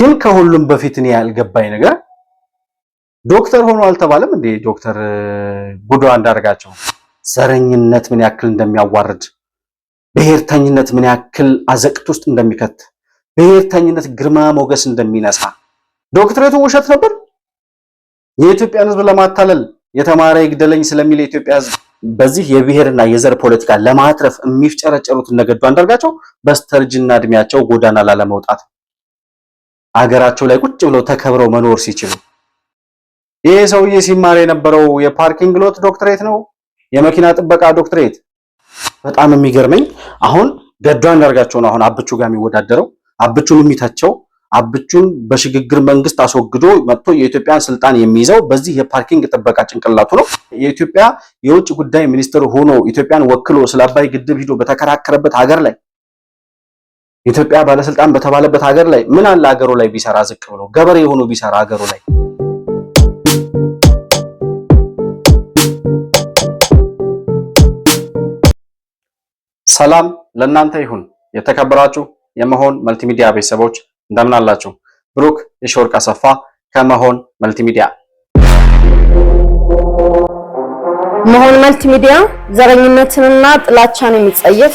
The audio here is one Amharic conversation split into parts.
ግን ከሁሉም በፊት እኔ ያልገባኝ ነገር ዶክተር ሆኖ አልተባለም እንዴ? ዶክተር ጉዷ አንዳርጋቸው ዘረኝነት ምን ያክል እንደሚያዋርድ፣ ብሔርተኝነት ምን ያክል አዘቅት ውስጥ እንደሚከት፣ ብሔርተኝነት ግርማ ሞገስ እንደሚነሳ ዶክትሬቱ ውሸት ነበር። የኢትዮጵያን ሕዝብ ለማታለል የተማረ ይግደለኝ ስለሚል የኢትዮጵያ ሕዝብ በዚህ የብሔርና የዘር ፖለቲካ ለማትረፍ የሚፍጨረጨሩት ነገዱ አንዳርጋቸው በስተርጅና እድሜያቸው ጎዳና ላለመውጣት አገራቸው ላይ ቁጭ ብለው ተከብረው መኖር ሲችሉ ይሄ ሰውዬ ሲማር የነበረው የፓርኪንግ ሎት ዶክትሬት ነው፣ የመኪና ጥበቃ ዶክትሬት። በጣም የሚገርመኝ አሁን ገዱ አንዳርጋቸው ነው አሁን አብቹ ጋር የሚወዳደረው አብቹን የሚተቸው አብቹን በሽግግር መንግስት አስወግዶ መጥቶ የኢትዮጵያን ስልጣን የሚይዘው በዚህ የፓርኪንግ ጥበቃ ጭንቅላቱ ነው። የኢትዮጵያ የውጭ ጉዳይ ሚኒስትር ሆኖ ኢትዮጵያን ወክሎ ስለ አባይ ግድብ ሂዶ በተከራከረበት ሀገር ላይ የኢትዮጵያ ባለስልጣን በተባለበት ሀገር ላይ ምን አለ ሀገሩ ላይ ቢሰራ ዝቅ ብሎ ገበሬ የሆኑ ቢሰራ ሀገሩ ላይ ሰላም ለእናንተ ይሁን። የተከበራችሁ የመሆን መልቲሚዲያ ቤተሰቦች እንደምን አላችሁ? ብሩክ የሾርቅ አሰፋ ከመሆን መልቲሚዲያ። መሆን መልቲሚዲያ ዘረኝነትንና ጥላቻን የሚጸየፍ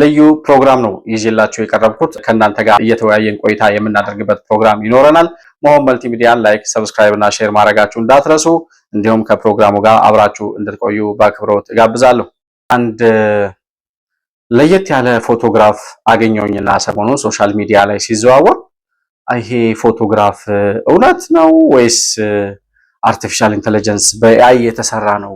ልዩ ፕሮግራም ነው ይዤላችሁ የቀረብኩት። ከእናንተ ጋር እየተወያየን ቆይታ የምናደርግበት ፕሮግራም ይኖረናል። መሆን መልቲሚዲያን ላይክ፣ ሰብስክራይብ እና ሼር ማድረጋችሁ እንዳትረሱ። እንዲሁም ከፕሮግራሙ ጋር አብራችሁ እንድትቆዩ በአክብሮት እጋብዛለሁ። አንድ ለየት ያለ ፎቶግራፍ አገኘውኝና ሰሞኑን ሶሻል ሚዲያ ላይ ሲዘዋወር ይሄ ፎቶግራፍ እውነት ነው ወይስ አርቲፊሻል ኢንተለጀንስ በኤአይ የተሰራ ነው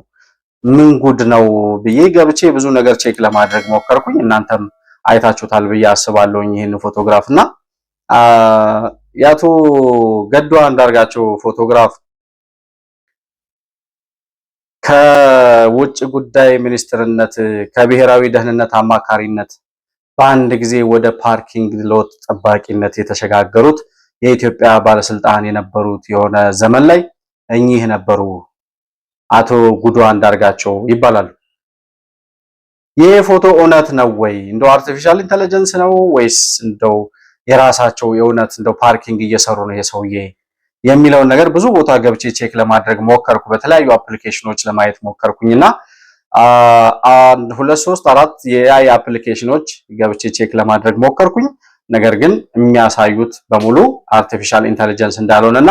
ምን ጉድ ነው ብዬ ገብቼ ብዙ ነገር ቼክ ለማድረግ ሞከርኩኝ። እናንተም አይታችሁታል ብዬ አስባለሁኝ ይህን ፎቶግራፍ እና የአቶ ገዱ አንዳርጋቸው ፎቶግራፍ ከውጭ ጉዳይ ሚኒስትርነት ከብሔራዊ ደህንነት አማካሪነት በአንድ ጊዜ ወደ ፓርኪንግ ሎት ጠባቂነት የተሸጋገሩት የኢትዮጵያ ባለስልጣን የነበሩት የሆነ ዘመን ላይ እኚህ ነበሩ። አቶ ጉዱ አንዳርጋቸው ይባላሉ። ይህ ፎቶ እውነት ነው ወይ? እንደው አርቲፊሻል ኢንተለጀንስ ነው ወይስ እንደው የራሳቸው የእውነት እንደው ፓርኪንግ እየሰሩ ነው የሰውዬ የሚለውን ነገር ብዙ ቦታ ገብቼ ቼክ ለማድረግ ሞከርኩ። በተለያዩ አፕሊኬሽኖች ለማየት ሞከርኩኝና አንድ ሁለት ሶስት አራት የኤአይ አፕሊኬሽኖች ገብቼ ቼክ ለማድረግ ሞከርኩኝ። ነገር ግን የሚያሳዩት በሙሉ አርቲፊሻል ኢንተለጀንስ እንዳልሆነና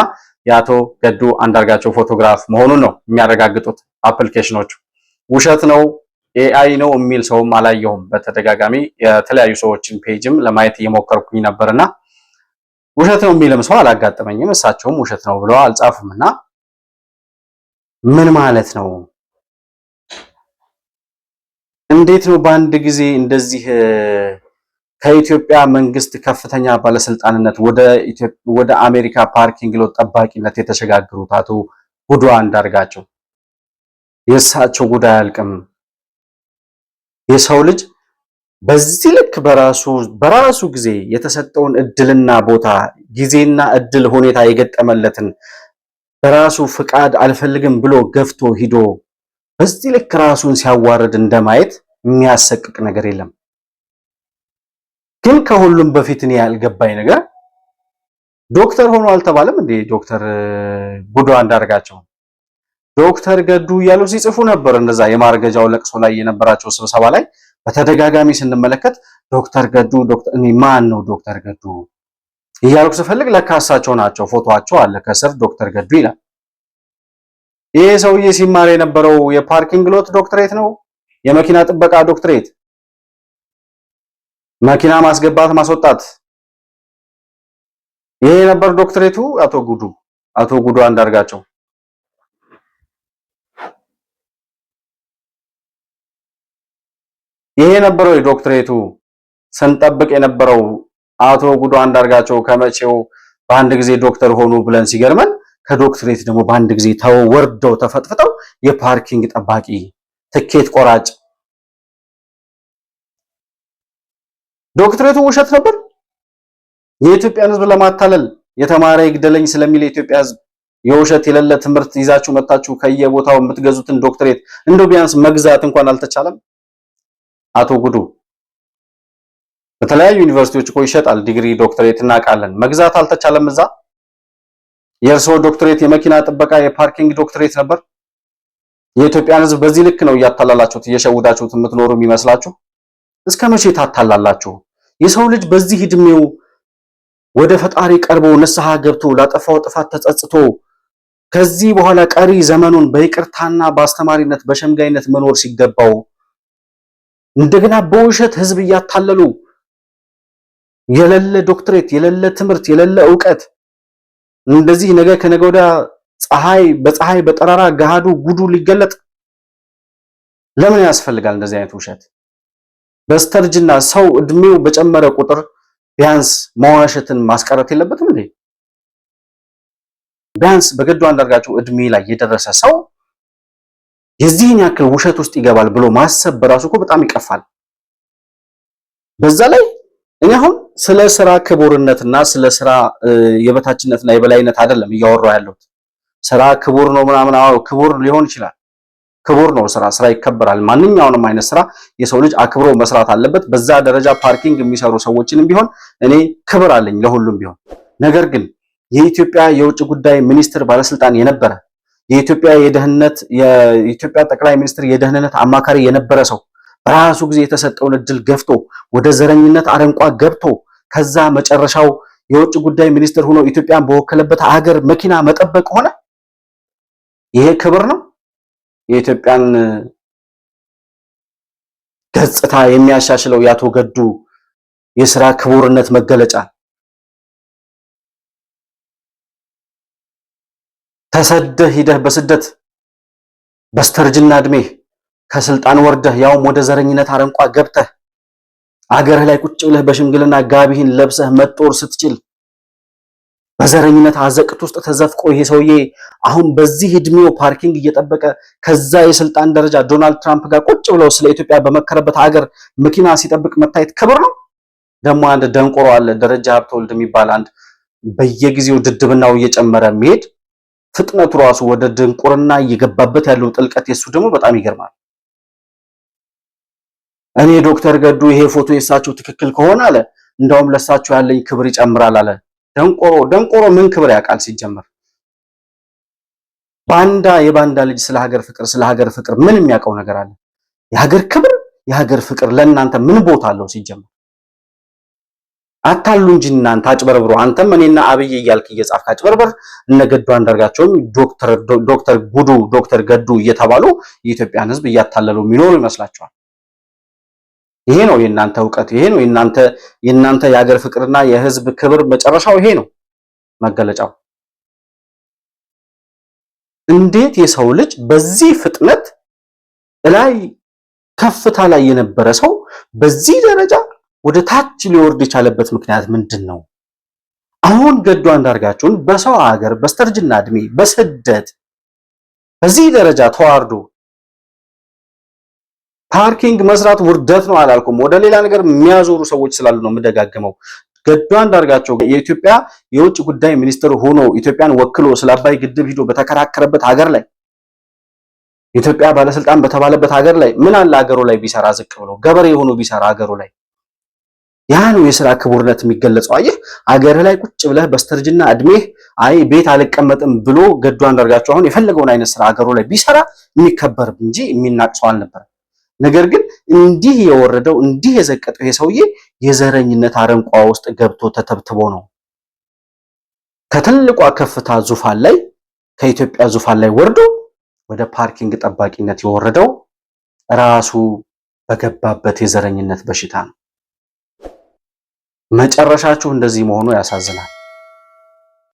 የአቶ ገዱ አንዳርጋቸው ፎቶግራፍ መሆኑን ነው የሚያረጋግጡት አፕሊኬሽኖቹ። ውሸት ነው ኤአይ ነው የሚል ሰውም አላየሁም። በተደጋጋሚ የተለያዩ ሰዎችን ፔጅም ለማየት እየሞከርኩኝ ነበርና ውሸት ነው የሚልም ሰው አላጋጠመኝም። እሳቸውም ውሸት ነው ብለው አልጻፉም። እና ምን ማለት ነው? እንዴት ነው በአንድ ጊዜ እንደዚህ ከኢትዮጵያ መንግስት ከፍተኛ ባለስልጣንነት ወደ አሜሪካ ፓርኪንግ ሎት ጠባቂነት የተሸጋገሩት አቶ ጉዷ አንዳርጋቸው የእሳቸው ጉዳይ አያልቅም። የሰው ልጅ በዚህ ልክ በራሱ በራሱ ጊዜ የተሰጠውን እድልና ቦታ ጊዜና እድል ሁኔታ የገጠመለትን በራሱ ፍቃድ አልፈልግም ብሎ ገፍቶ ሂዶ በዚህ ልክ ራሱን ሲያዋርድ እንደማየት የሚያሰቅቅ ነገር የለም። ግን ከሁሉም በፊት እኔ ያልገባኝ ነገር ዶክተር ሆኖ አልተባለም እንዴ? ዶክተር ጉዶ አንዳርጋቸው ዶክተር ገዱ እያሉ ሲጽፉ ነበር። እንደዛ የማርገጃው ለቅሶ ላይ የነበራቸው ስብሰባ ላይ በተደጋጋሚ ስንመለከት ዶክተር ገዱ ዶክተር እኔ ማን ነው ዶክተር ገዱ እያልኩ ስፈልግ ለካሳቸው ናቸው። ፎቶዋቸው አለ ከስር ዶክተር ገዱ ይላል። ይሄ ሰውዬ ሲማር የነበረው የፓርኪንግ ሎት ዶክትሬት ነው፣ የመኪና ጥበቃ ዶክትሬት መኪና ማስገባት ማስወጣት። ይሄ ነበር ዶክትሬቱ። አቶ ጉዱ አቶ ጉዱ አንዳርጋቸው ይሄ የነበረው ዶክትሬቱ ስንጠብቅ የነበረው አቶ ጉዱ አንዳርጋቸው ከመቼው በአንድ ጊዜ ዶክተር ሆኑ ብለን ሲገርመን ከዶክትሬት ደግሞ በአንድ ጊዜ ተወርደው ተፈጥፍጠው የፓርኪንግ ጠባቂ ትኬት ቆራጭ ዶክትሬቱ ውሸት ነበር። የኢትዮጵያን ህዝብ ለማታለል የተማረ ይግደለኝ ስለሚል የኢትዮጵያ ህዝብ የውሸት የሌለ ትምህርት ይዛችሁ መታችሁ ከየቦታው የምትገዙትን ዶክትሬት እንደው ቢያንስ መግዛት እንኳን አልተቻለም። አቶ ጉዱ በተለያዩ ዩኒቨርሲቲዎች እኮ ይሸጣል ዲግሪ፣ ዶክትሬት እናውቃለን። መግዛት አልተቻለም እዛ የእርስዎ ዶክትሬት የመኪና ጥበቃ የፓርኪንግ ዶክትሬት ነበር። የኢትዮጵያን ህዝብ በዚህ ልክ ነው እያታላላችሁት እየሸውዳችሁት የምትኖሩ የሚመስላችሁ እስከ መቼ ታታላላችሁ? የሰው ልጅ በዚህ እድሜው ወደ ፈጣሪ ቀርቦ ንስሐ ገብቶ ላጠፋው ጥፋት ተጸጽቶ ከዚህ በኋላ ቀሪ ዘመኑን በይቅርታና በአስተማሪነት በሸምጋይነት መኖር ሲገባው እንደገና በውሸት ህዝብ እያታለሉ የሌለ ዶክትሬት፣ የሌለ ትምህርት፣ የሌለ እውቀት እንደዚህ ነገ ከነገ ወዲያ ፀሐይ በፀሐይ በጠራራ ገሃዱ ጉዱ ሊገለጥ ለምን ያስፈልጋል? እንደዚህ አይነት ውሸት በስተርጅና ሰው እድሜው በጨመረ ቁጥር ቢያንስ መዋሸትን ማስቀረት የለበትም እንዴ? ቢያንስ በገዱ አንዳርጋቸው እድሜ ላይ የደረሰ ሰው የዚህን ያክል ውሸት ውስጥ ይገባል ብሎ ማሰብ በራሱ እኮ በጣም ይቀፋል። በዛ ላይ እኔ አሁን ስለ ስራ ክቡርነትና ስለ ስራ የበታችነትና የበላይነት አይደለም እያወራሁ ያለሁት። ስራ ክቡር ነው ምናምን፣ አዎ ክቡር ሊሆን ይችላል። ክቡር ነው ስራ። ስራ ይከበራል። ማንኛውንም አይነት ስራ የሰው ልጅ አክብሮ መስራት አለበት። በዛ ደረጃ ፓርኪንግ የሚሰሩ ሰዎችንም ቢሆን እኔ ክብር አለኝ ለሁሉም ቢሆን። ነገር ግን የኢትዮጵያ የውጭ ጉዳይ ሚኒስትር ባለስልጣን የነበረ የኢትዮጵያ የደህንነት የኢትዮጵያ ጠቅላይ ሚኒስትር የደህንነት አማካሪ የነበረ ሰው በራሱ ጊዜ የተሰጠውን እድል ገፍቶ ወደ ዘረኝነት አረንቋ ገብቶ ከዛ መጨረሻው የውጭ ጉዳይ ሚኒስትር ሆኖ ኢትዮጵያን በወከለበት አገር መኪና መጠበቅ ሆነ። ይሄ ክብር ነው? የኢትዮጵያን ገጽታ የሚያሻሽለው የአቶ ገዱ የስራ ክቡርነት መገለጫ ተሰደህ ሂደህ በስደት በስተርጅና እድሜህ ከስልጣን ወርደህ ያውም ወደ ዘረኝነት አረንቋ ገብተህ አገርህ ላይ ቁጭ ብለህ በሽምግልና ጋቢህን ለብሰህ መጦር ስትችል በዘረኝነት አዘቅት ውስጥ ተዘፍቆ ይሄ ሰውዬ አሁን በዚህ እድሜው ፓርኪንግ እየጠበቀ ከዛ የስልጣን ደረጃ ዶናልድ ትራምፕ ጋር ቁጭ ብለው ስለ ኢትዮጵያ በመከረበት ሀገር መኪና ሲጠብቅ መታየት ክብር ነው። ደግሞ አንድ ደንቆሮ አለ ደረጃ ሀብተወልድ የሚባል አንድ በየጊዜው ድድብናው እየጨመረ መሄድ ፍጥነቱ ራሱ ወደ ድንቁርና እየገባበት ያለው ጥልቀት የሱ ደግሞ በጣም ይገርማል። እኔ ዶክተር ገዱ ይሄ ፎቶ የእሳቸው ትክክል ከሆነ አለ እንዳውም ለእሳቸው ያለኝ ክብር ይጨምራል አለ ደንቆሮ ደንቆሮ ምን ክብር ያውቃል? ሲጀመር ባንዳ የባንዳ ልጅ ስለ ሀገር ፍቅር ስለ ሀገር ፍቅር ምን የሚያውቀው ነገር አለ? የሀገር ክብር የሀገር ፍቅር ለእናንተ ምን ቦታ አለው? ሲጀመር አታሉ እንጂ እናንተ አጭበርብሮ አንተም እኔና አብይ እያልክ እየጻፍክ አጭበርበር። እነ ገዱ አንዳርጋቸውም ዶክተር ዶክተር ጉዱ ዶክተር ገዱ እየተባሉ የኢትዮጵያን ሕዝብ እያታለሉ የሚኖሩ ይመስላችኋል? ይሄ ነው የእናንተ እውቀት፣ ይሄ ነው የእናንተ የእናንተ የሀገር ፍቅርና የህዝብ ክብር መጨረሻው ይሄ ነው መገለጫው። እንዴት የሰው ልጅ በዚህ ፍጥነት ላይ ከፍታ ላይ የነበረ ሰው በዚህ ደረጃ ወደ ታች ሊወርድ የቻለበት ምክንያት ምንድን ነው? አሁን ገዱ አንዳርጋችሁን በሰው ሀገር በስተርጅና እድሜ በስደት በዚህ ደረጃ ተዋርዶ ፓርኪንግ መስራት ውርደት ነው አላልኩም። ወደ ሌላ ነገር የሚያዞሩ ሰዎች ስላሉ ነው የምደጋግመው። ገዱ አንዳርጋቸው የኢትዮጵያ የውጭ ጉዳይ ሚኒስትር ሆኖ ኢትዮጵያን ወክሎ ስለ አባይ ግድብ ሂዶ በተከራከረበት ሀገር ላይ ኢትዮጵያ ባለስልጣን በተባለበት ሀገር ላይ ምን አለ ሀገሩ ላይ ቢሰራ ዝቅ ብሎ ገበሬ ሆኖ ቢሰራ ሀገሩ ላይ ያ ነው የስራ ክቡርነት የሚገለጸው። አየህ አገርህ ላይ ቁጭ ብለህ በስተርጅና እድሜህ አይ ቤት አልቀመጥም ብሎ ገዱ አንዳርጋቸው አሁን የፈለገውን አይነት ስራ ሀገሩ ላይ ቢሰራ የሚከበር እንጂ የሚናቅ ሰው አልነበረም። ነገር ግን እንዲህ የወረደው እንዲህ የዘቀጠው ይሄ ሰውዬ የዘረኝነት አረንቋ ውስጥ ገብቶ ተተብትቦ ነው ከትልቋ ከፍታ ዙፋን ላይ ከኢትዮጵያ ዙፋን ላይ ወርዶ ወደ ፓርኪንግ ጠባቂነት የወረደው ራሱ በገባበት የዘረኝነት በሽታ ነው። መጨረሻችሁ እንደዚህ መሆኑ ያሳዝናል።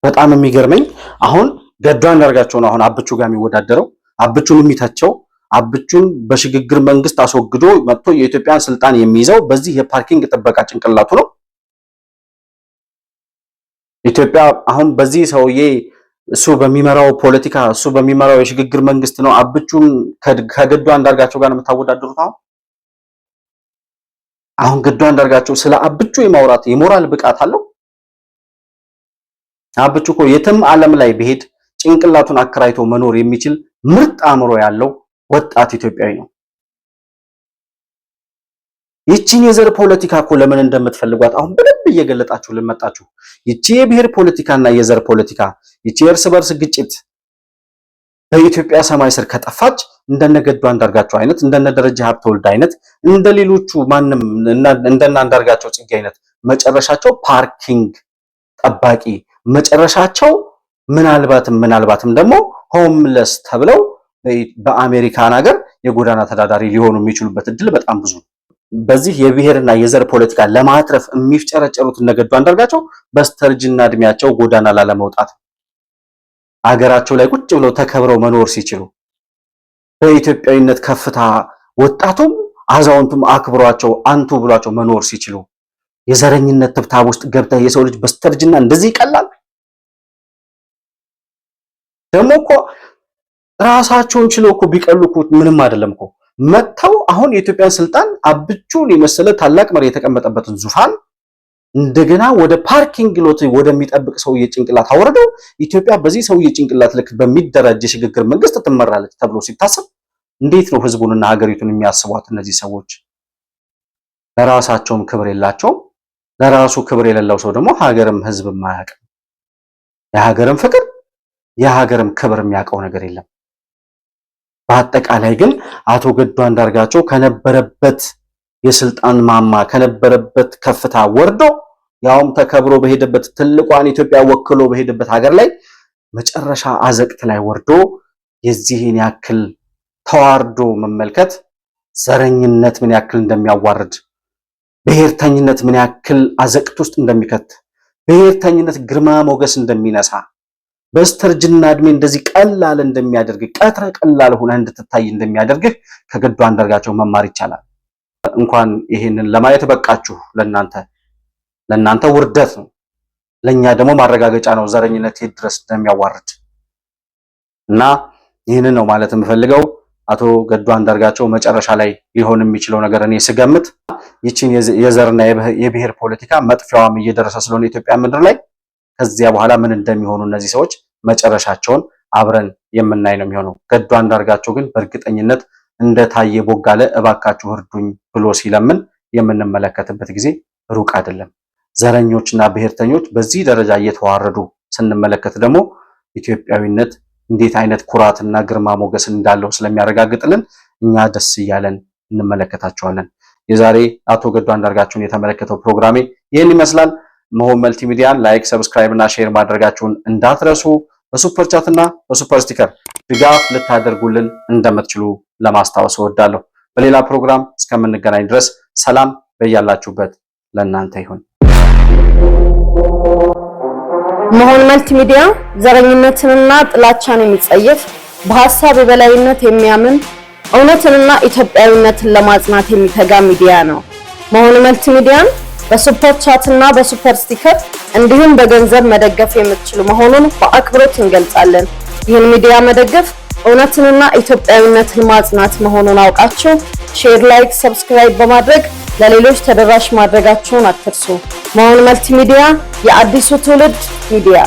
በጣም የሚገርመኝ አሁን ገዱ አንዳርጋቸው ነው አሁን አብቹ ጋር የሚወዳደረው አብቹን የሚተቸው አብቹን በሽግግር መንግስት አስወግዶ መጥቶ የኢትዮጵያን ስልጣን የሚይዘው በዚህ የፓርኪንግ ጥበቃ ጭንቅላቱ ነው። ኢትዮጵያ አሁን በዚህ ሰውዬ እሱ በሚመራው ፖለቲካ እሱ በሚመራው የሽግግር መንግስት ነው አብቹን ከገዱ አንዳርጋቸው ጋር የምታወዳደሩት። አሁን አሁን ገዱ አንዳርጋቸው ስለ አብቹ የማውራት የሞራል ብቃት አለው? አብቹ እኮ የትም ዓለም ላይ ብሄድ ጭንቅላቱን አከራይቶ መኖር የሚችል ምርጥ አእምሮ ያለው ወጣት ኢትዮጵያዊ ነው። ይቺን የዘር ፖለቲካ እኮ ለምን እንደምትፈልጓት አሁን በደንብ እየገለጣችሁ ልመጣችሁ። ይቺ የብሔር ፖለቲካና የዘር ፖለቲካ ይቺ የእርስ በርስ ግጭት በኢትዮጵያ ሰማይ ስር ከጠፋች እንደነገዱ አንዳርጋቸው አይነት እንደነደረጀ ሀብተወልድ አይነት እንደሌሎቹ ማንም እንደነ አንዳርጋቸው ጽጌ አይነት መጨረሻቸው ፓርኪንግ ጠባቂ መጨረሻቸው ምናልባትም ምናልባትም ደግሞ ሆምለስ ተብለው በአሜሪካን ሀገር የጎዳና ተዳዳሪ ሊሆኑ የሚችሉበት እድል በጣም ብዙ ነው። በዚህ የብሔርና የዘር ፖለቲካ ለማትረፍ የሚፍጨረጨሩት እነገዱ አንዳርጋቸው በስተርጅና እድሜያቸው ጎዳና ላለመውጣት አገራቸው ላይ ቁጭ ብለው ተከብረው መኖር ሲችሉ በኢትዮጵያዊነት ከፍታ ወጣቱም አዛውንቱም አክብሯቸው አንቱ ብሏቸው መኖር ሲችሉ የዘረኝነት ትብታብ ውስጥ ገብተህ የሰው ልጅ በስተርጅና እንደዚህ ይቀላል ደግሞ እኮ ራሳቸውን ችለው እኮ ቢቀሉ እኮ ምንም አይደለም እኮ መጥተው አሁን የኢትዮጵያን ስልጣን አብቹን የመሰለ ታላቅ መሪ የተቀመጠበትን ዙፋን እንደገና ወደ ፓርኪንግ ሎት ወደሚጠብቅ ሰውዬ ጭንቅላት አወረደው። ኢትዮጵያ በዚህ ሰውዬ ጭንቅላት ልክ በሚደራጅ የሽግግር መንግስት ትመራለች ተብሎ ሲታሰብ እንዴት ነው ህዝቡንና ሀገሪቱን የሚያስቧት? እነዚህ ሰዎች ለራሳቸውም ክብር የላቸውም። ለራሱ ክብር የሌለው ሰው ደግሞ ሀገርም ህዝብም አያውቅም። የሀገርም ፍቅር የሀገርም ክብር የሚያውቀው ነገር የለም። በአጠቃላይ ግን አቶ ገዱ አንዳርጋቸው ከነበረበት የስልጣን ማማ ከነበረበት ከፍታ ወርዶ ያውም ተከብሮ በሄደበት ትልቋን ኢትዮጵያ ወክሎ በሄደበት ሀገር ላይ መጨረሻ አዘቅት ላይ ወርዶ የዚህን ያክል ተዋርዶ መመልከት ዘረኝነት ምን ያክል እንደሚያዋርድ፣ ብሔርተኝነት ምን ያክል አዘቅት ውስጥ እንደሚከት፣ ብሔርተኝነት ግርማ ሞገስ እንደሚነሳ በስተርጅና እድሜ እንደዚህ ቀላል እንደሚያደርግ ቀትረ ቀላል ሆነ እንድትታይ እንደሚያደርግህ ከገዱ አንዳርጋቸው መማር ይቻላል። እንኳን ይሄንን ለማየት በቃችሁ። ለናንተ ለናንተ ውርደት ነው፣ ለኛ ደግሞ ማረጋገጫ ነው። ዘረኝነት ድረስ እንደሚያዋርድ እና ይህንን ነው ማለት የምፈልገው። አቶ ገዱ አንዳርጋቸው መጨረሻ ላይ ሊሆን የሚችለው ነገር እኔ ስገምት ይችን የዘርና የብሔር ፖለቲካ መጥፊያዋም እየደረሰ ስለሆነ ኢትዮጵያ ምድር ላይ ከዚያ በኋላ ምን እንደሚሆኑ እነዚህ ሰዎች መጨረሻቸውን አብረን የምናይ ነው የሚሆነው። ገዱ አንዳርጋቸው ግን በእርግጠኝነት እንደ ታየ ቦጋለ እባካችሁ እርዱኝ ብሎ ሲለምን የምንመለከትበት ጊዜ ሩቅ አይደለም። ዘረኞችና ብሔርተኞች በዚህ ደረጃ እየተዋረዱ ስንመለከት ደግሞ ኢትዮጵያዊነት እንዴት አይነት ኩራትና ግርማ ሞገስ እንዳለው ስለሚያረጋግጥልን እኛ ደስ እያለን እንመለከታቸዋለን። የዛሬ አቶ ገዱ አንዳርጋቸውን የተመለከተው ፕሮግራሜ ይህን ይመስላል። መሆን መልቲሚዲያን ላይክ፣ ሰብስክራይብ እና ሼር ማድረጋችሁን እንዳትረሱ። በሱፐር ቻት እና በሱፐር ስቲከር ድጋፍ ልታደርጉልን እንደምትችሉ ለማስታወስ እወዳለሁ። በሌላ ፕሮግራም እስከምንገናኝ ድረስ ሰላም በያላችሁበት ለእናንተ ይሁን። መሆን መልቲሚዲያ ሚዲያ ዘረኝነትንና ጥላቻን የሚጸየፍ በሀሳብ የበላይነት የሚያምን እውነትንና ኢትዮጵያዊነትን ለማጽናት የሚተጋ ሚዲያ ነው። መሆን መልቲ በሱፐር ቻት እና በሱፐር ስቲከር እንዲሁም በገንዘብ መደገፍ የምትችሉ መሆኑን በአክብሮት እንገልጻለን። ይህን ሚዲያ መደገፍ እውነትንና ኢትዮጵያዊነትን ማጽናት መሆኑን አውቃችሁ ሼር፣ ላይክ፣ ሰብስክራይብ በማድረግ ለሌሎች ተደራሽ ማድረጋችሁን አትርሱ። መሆን መልቲሚዲያ የአዲሱ ትውልድ ሚዲያ